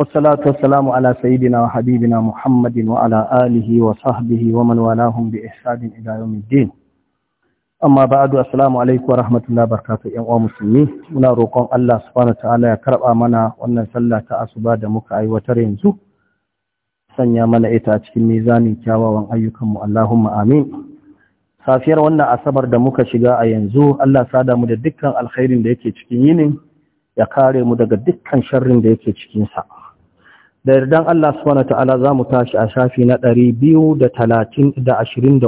والصلاة والسلام على سيدنا وحبيبنا محمد وعلى آله وصحبه ومن والاهم بإحسان إلى يوم الدين أما بعد السلام عليكم ورحمة الله وبركاته يا مسلمين منا روقون الله سبحانه وتعالى يا كرب أمانا وأن صلى تأسبا دمك أي وترينزو sanya mana ita a cikin mizanin kyawawan ayyukanmu Allahuma amin safiyar wannan asabar da muka shiga a yanzu Allah sada mu da dukkan alkhairin da yake cikin yinin ya kare mu daga dukkan sharrin da yake cikin sa da yardan Allah subhanahu ta'ala za mu tashi a shafi na 223 da 223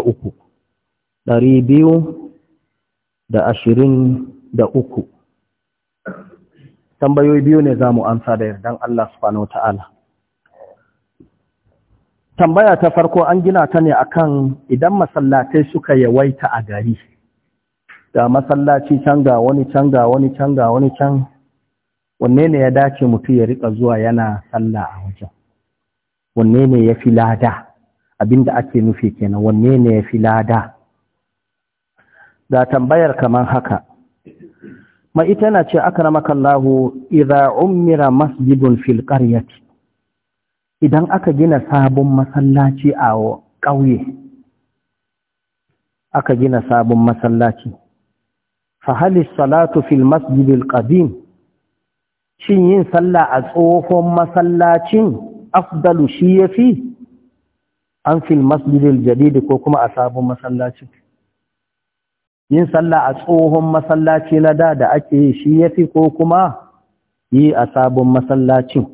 tambayoyi biyu ne za mu amsa da yardan Allah subhanahu ta'ala tambaya ta farko an gina ta ne akan idan masallatai suka yawaita a gari da masallaci can ga wani can ga wani can ga wani can wanne ne ya dace mutum ya rika zuwa yana sallah a wajen wanne ne ya fi lada abinda ake nufi kenan wanne ne ya fi lada ga tambayar kamar haka ma ita na ce akramakallahu idza ummira masjidun fil qaryati idan aka gina sabon masallaci a ƙauye aka gina sabon masallaci fa halis salatu fil masjidil qadim shin yin sallah a tsohon masallacin afdalu shi ya fi an fil masjidil jadidi ko kuma a sabon masallacin yin sallah a tsohon masallaci na da da ake yi shi ya fi ko kuma yi a sabon masallacin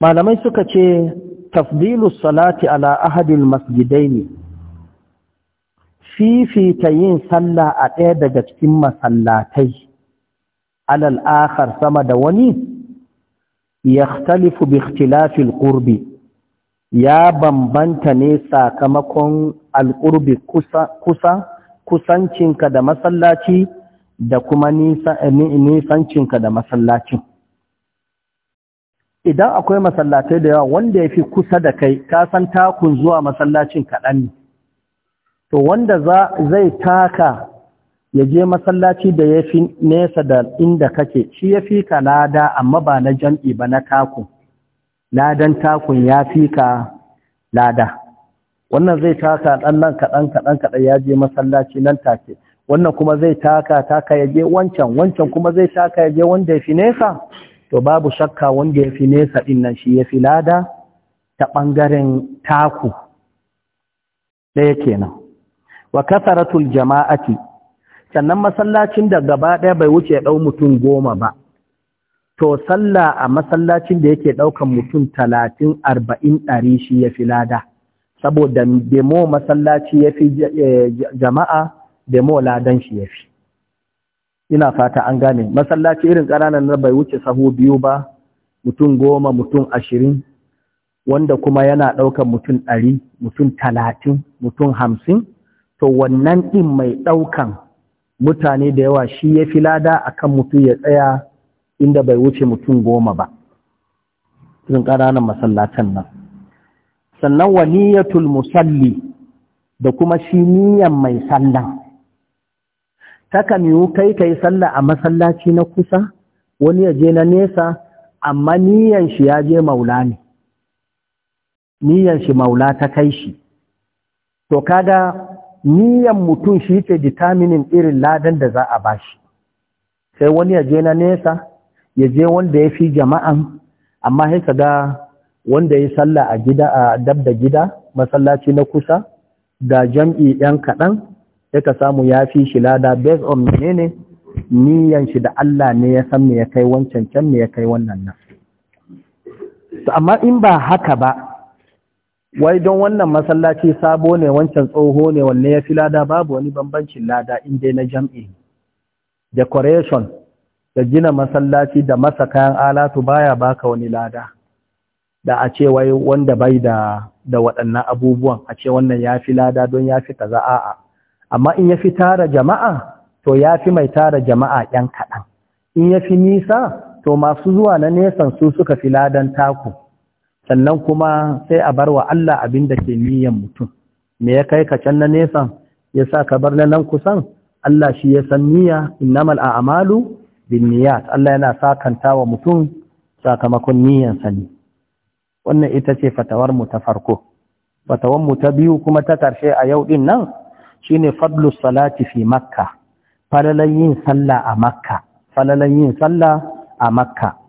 malamai suka ce tafdilu salati ala ahadil masjidai ne fifita yin sallah a ɗaya daga cikin masallatai alal akhar sama da wani yakhtalifu bi ikhtilafi alqurbi ya bambanta ne sakamakon alqurbi kusa kusa kusancinka da masallaci da kuma nisancinka da masallacin idan akwai masallatai da yawa wanda ya fi kusa da kai ka san takun zuwa masallacin kaɗan ne to wanda zai taka ya je masallaci da ya fi nesa da inda kake shi ya fi ka lada amma ba na jam'i ba na takun ladan takun ya fi ka lada wannan zai taka ɗan nan kaɗan kaɗan kaɗan ya je masallaci nan take wannan kuma zai taka taka ya je wancan wancan kuma zai taka ya je wanda ya fi nesa to babu shakka wanda ya fi nesa ɗin nan shi ya fi lada ta ɓangaren taku ɗaya kenan wa kasaratul jama'ati sannan masallacin da gaba ɗaya bai wuce ɗau mutum goma ba to sallah a masallacin da yake ɗaukan mutum talatin arba'in ɗari shi ya fi lada saboda demo masallaci ya fi eh, jama'a demo ladan shi ya fi ina fata an gane masallaci irin ƙananan na bai wuce sahu biyu ba mutum goma mutum ashirin wanda kuma yana ɗaukan mutum ɗari mutum talatin mutum hamsin to wannan ɗin mai ɗaukan mutane da yawa shi ya fi lada a kan mutum ya tsaya inda bai wuce mutum goma ba ƙara ƙananan masallatan nan sannan wa niyyatul musalli da kuma shi niyyan mai sallan takan yiwu kai ka yi sallah a masallaci na kusa wani ya je na nesa amma niyan shi ya je maula ne niyan shi maula ta kai shi to kaga niyan mutum shi ke determinin irin ladan da za a bashi sai wani ya je na nesa ya je wanda ya fi jama'an amma haika ga wanda ya salla a gida a dab da gida masallaci na kusa da jam'i yan kaɗan ya ka samu ya fi shi lada based on menene niyan shi da Allah ne ya san me ya kai wancan can me ya kai wannan nan amma in ba haka ba wai don wannan masallaci sabo ne wancan tsoho ne wanne ya fi lada babu wani bambancin lada inda na jam'i decoration da gina masallaci da masa kayan alatu baya baka wani lada da a ce wai wanda bai da da waɗannan abubuwan a ce wannan ya fi lada don ya fi kaza a'a amma in ya fi tara jama'a to ya fi mai tara jama'a ‘yan kaɗan in ya fi nisa to masu zuwa na nesan su suka fi ladan taku sannan kuma sai a bar wa Allah abin da ke niyan mutum me ya kai ka can na nesan ya sa ka bar na nan kusan Allah shi ya san niyya innamal a'malu binniyat Allah yana sakanta wa mutum sakamakon sa ne wannan ita ce fatawar mu ta farko Fatawar mu ta biyu kuma ta karshe a yau din nan shine fadlu salati fi makka falalan yin sallah a makka falalan yin sallah a makka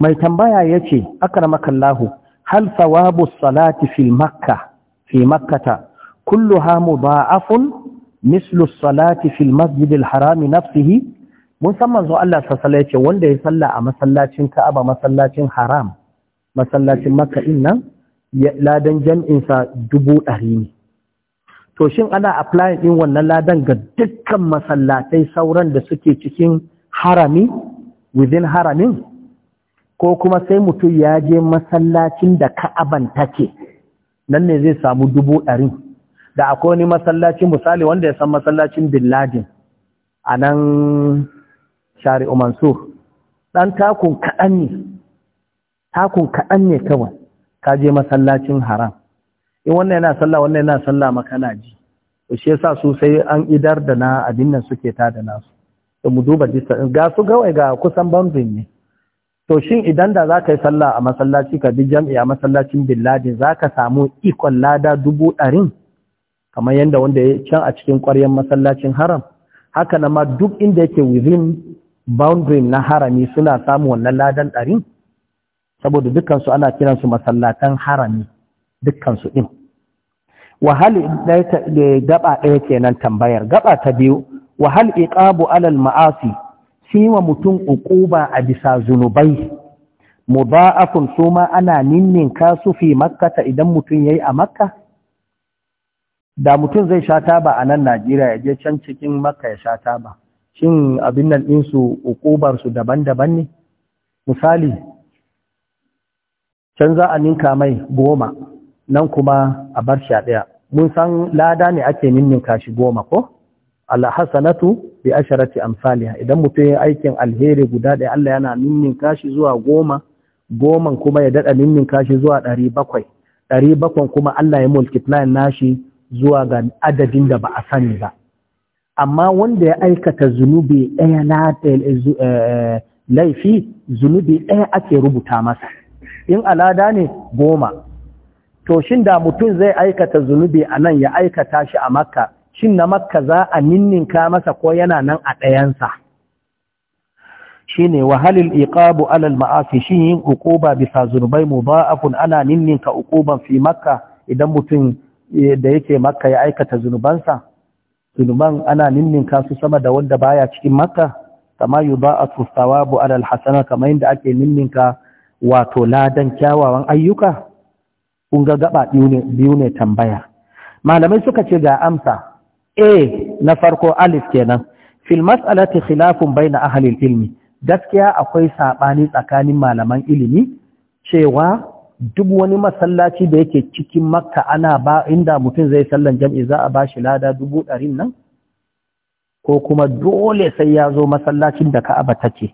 mai tambaya ya ce akaramakallahu hal sawabu salati fi makka fi makkata kulluha mudha'afun mislu salati fil masjid al haram nafsihi musamman zo Allah sallallahu ce wanda ya salla a masallacin Ka'aba masallacin haram masallacin Makka din nan ladan jam'in sa dubu ɗari ne to shin ana apply din wannan ladan ga dukkan masallatai sauran da suke cikin harami within haramin ko kuma sai mutum ya je masallacin da ka'aban take nan ne zai samu dubu ɗari da akwai wani masallacin misali wanda ya san masallacin bin ladin a nan shari'u mansur ɗan takun kaɗan ne takun kaɗan ne kawai ka je masallacin haram in wannan yana sallah wannan yana sallah makana ji shi yasa su sai an idar da na abin nan suke ta da nasu da mu duba ga su gawai ga kusan bambin ne to shin idan da za ka yi sallah a masallaci ka bi jam'i a masallacin bin billadin za ka samu ikon lada dubu ɗarin kamar yadda wanda ya can a cikin ƙwaryen masallacin haram haka na ma duk inda yake within boundary na harami suna samu wannan ladan ɗarin saboda dukkansu ana kiransu masallatan harami dukkansu ɗin wahal gaba ɗaya kenan tambayar gaba ta biyu wahal iqabu alal ma'asi shi wa mutum ukuba a bisa zunubai mudha'afun suma ana ninninka su fi makkata idan mutum yayi a makka da mutum zai sha ba a nan Najeriya ya je can cikin makka ya sha taba shin abin nan din su su daban-daban ne misali can za a ninka mai goma nan kuma a bar sha ɗaya mun san lada ne ake ninninka shi goma ko alhasanatu bi asharati amsaliha idan mutum ya aikin alheri guda ɗaya Allah yana ninnin kashi zuwa goma goman kuma ya daɗa ninnin kashi zuwa ɗari bakwai ɗari bakwai kuma Allah ya multiply nashi zuwa ga adadin da ba a sani ba amma wanda ya aikata zunubi ɗaya na eh, eh, laifi zunubi ɗaya ake rubuta masa in alada ne goma to shin da mutum zai aikata zunubi a nan ya aikata shi a makka shin na makka za a ninninka masa ko yana nan a ɗayansa shi ne wahalil iqabu alal ma'afi shi yin ukuba bisa zurbai mu ba kun ana ninninka ukuban fi makka idan mutum eh, da yake makka ya aikata zunubansa zunuban ana ninninka su sama da wanda baya cikin makka kama yi tustawa bu alal hasana kamar yadda ake ninninka wato ladan kyawawan ayyuka kun ga gaba biyu ne tambaya malamai suka ce ga amsa a na farko alif kenan fil mas'alati khilafun baina ahli ilmi gaskiya akwai sabani tsakanin malaman ilimi cewa duk wani masallaci da yake cikin makka ana ba inda mutum zai sallan jam'i za a bashi lada dubu ɗarin nan ko kuma dole sai ya zo masallacin da ka'aba take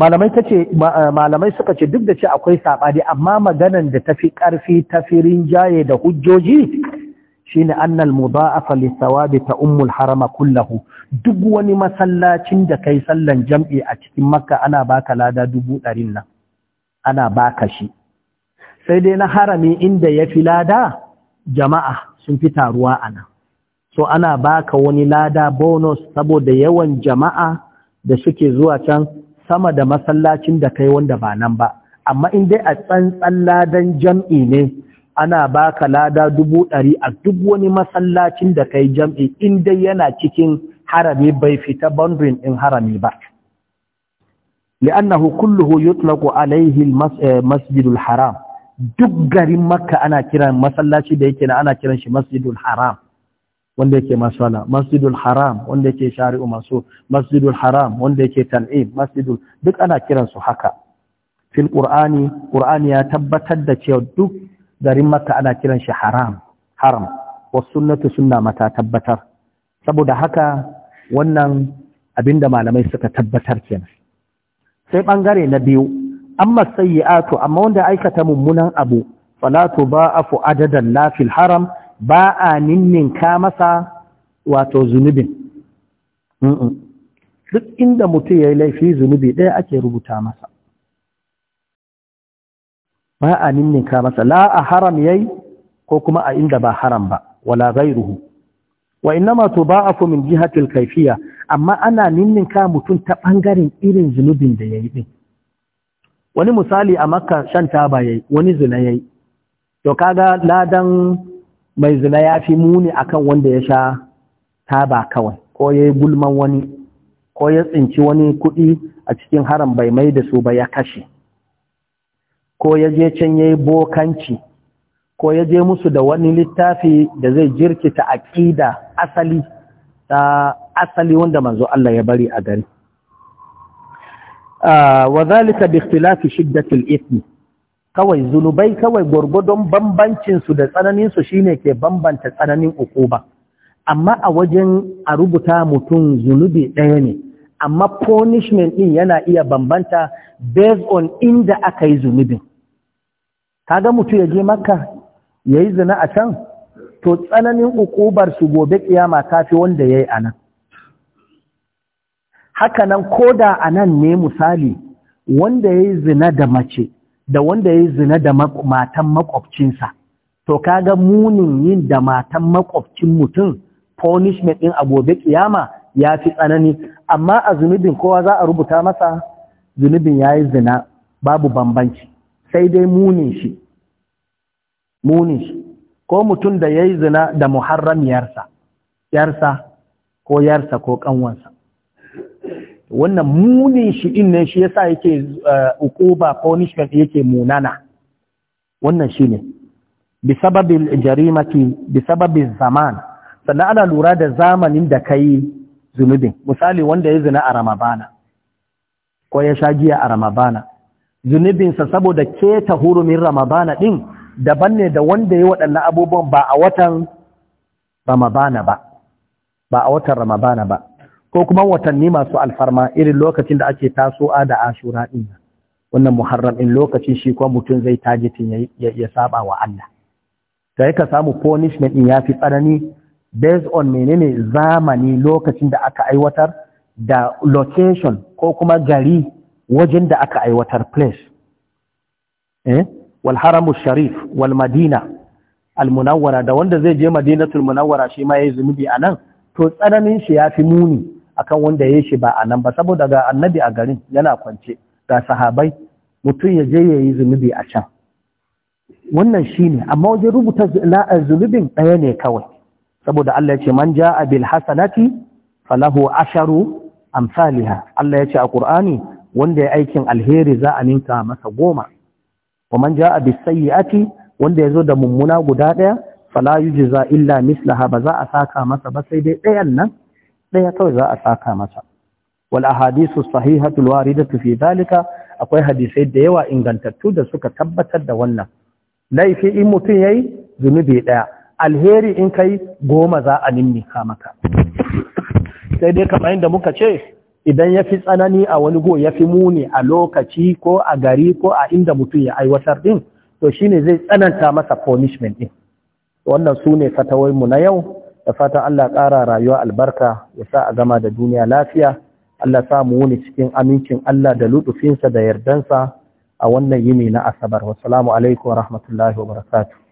malamai tace eh, malamai suka ce duk da ce akwai sabani amma maganan da tafi karfi fi rinjaye da hujjoji shine annal mudha'afa li ta ummul harama kullahu duk wani masallacin da kai sallan jam'i a cikin makka ana baka lada dubu ɗarin nan ana baka shi sai dai na harami inda ya fi lada jama'a sun fi taruwa a nan so ana baka wani lada bonus saboda yawan jama'a da suke zuwa can sama da masallacin da kai wanda ba nan ba amma in dai a tsantsan ladan jam'i ne ana baka lada dubu ɗari a duk wani masallacin da kai jam'i in dai yana cikin harami bai fita bandrin ɗin harami ba. li'annahu kulluhu yutlaqu alayhi al-masjidul eh, haram duk garin makka ana kiran masallaci da yake na ana kiran shi masjidul haram wanda yake masala masjidul haram wanda yake shari'u masu masjidul haram wanda yake tal'im masjidul duk ana kiran su haka fil qur'ani qur'ani ya tabbatar da cewa duk garin makka ana kiran shi haram haram wasu sunnatu sunna mata tabbatar saboda haka wannan abinda malamai suka tabbatar kenan sai bangare na biyu amma sayyi'atu amma wanda aikata mummunan abu falatu ba'afu adadan la fil haram ba a ninninka masa wato zunubin duk inda mutum ya yi laifi zunubi ɗaya ake rubuta masa ba a ninninka masa la a haram yayi ko kuma a inda ba haram ba wala gairuhu wa innama ba min jihati al-kayfiyya amma ana ninninka mutum ta bangaren irin zunubin da yayi din wani misali a makka shan taba yayi wani zina yayi to kaga ladan mai zina ya fi muni akan wanda ya sha taba kawai ko yayi gulman wani ko ya tsinci wani kuɗi a cikin haram bai mai da su ba ya kashe ko ya je can ya yi bokanci ko ya je musu da wani littafi da zai jirkita aƙida asali ta asali wanda manzo Allah ya bari a gari ah, wa zalika bi ikhtilafi shiddatil ithmi kawai zunubai kawai gwargwadon bambancinsu da tsananinsu su shine ke bambanta tsananin ukuba amma a wajen a rubuta mutum zunubi ɗaya ne amma punishment ɗin yana iya bambanta based on inda aka yi zunubin ga mutum ya je maka ya yi zina a can to tsananin ukubar su gobe ƙiyama ta fi wanda ya yi a nan hakanan da a nan ne misali wanda ya yi zina da mace da wanda ya yi zina da matan makwabcinsa to kaga munin yin da matan makwabcin mutum punishment ɗin a gobe ƙiyama ya fi tsanani amma a zunubin kowa za a rubuta masa zunubin ya yi zina babu bambanci sai dai munin shi munin shi ko mutum da yayi zina da muharramiyarsa yarsa ko yarsa ko kanwansa wannan munin shi din ne shi yasa yake eh, ukuba punishment yake munana wannan shi ne bi sababin jarimati bi sababin zaman sannan ana lura da zamanin da kai zunubin misali wanda ya zina a ramabana ko ya sha giya a ramabana zunubinsa saboda keta hurumin ramadana ɗin daban ne da wanda ya waɗannan abubuwan ba a watan ramadana ba ba a watan ramadana ba ko kuma watanni masu alfarma irin lokacin da ake tasowa da ashura ɗin wannan muharram in lokacin shi kuma mutum zai tajitin ya saba wa Allah sai ka samu punishment in ya fi tsanani based on menene zamani lokacin da aka aiwatar da location ko kuma gari wajen da aka aiwatar place eh? wal haramu sharif wal madina al munawwara da wanda zai je madinatul munawwara shi ma yayi zunubi anan to tsananin shi ya fi muni akan wanda yayi shi ba anan ba saboda ga annabi a garin yana kwance ga sahabai mutum ya je yayi zunubi a can wannan shine amma wajen rubuta zunubin ɗaya ne kawai saboda Allah ya ce man ja'a bil hasanati falahu asharu amsalha Allah ya ce a Qur'ani wanda ya aikin alheri za a ninka masa goma kuma man ja'a bis wanda wanda zo da mummuna guda ɗaya fala yujza illa mislaha ba za a saka masa ba sai dai ɗayan nan ɗaya kawai za a saka masa wal ahadisu sahihatu al waridatu fi akwai hadisai da yawa ingantattu da suka tabbatar da wannan laifi in mutum yayi zunubi ɗaya alheri in kai goma za a nimmika maka sai dai kamar yadda muka ce idan ya fi tsanani a wani go ya fi muni a lokaci ko a gari ko a inda mutum ya aiwatar din to shine zai tsananta masa punishment din wannan su ne mu na yau da fatan Allah ƙara rayuwa albarka ya sa a gama da duniya lafiya Allah sa mu wuni cikin amincin Allah da lutufinsa da yardansa a wannan yini na asabar wassalamu alaikum wa rahmatullahi wa barakatuh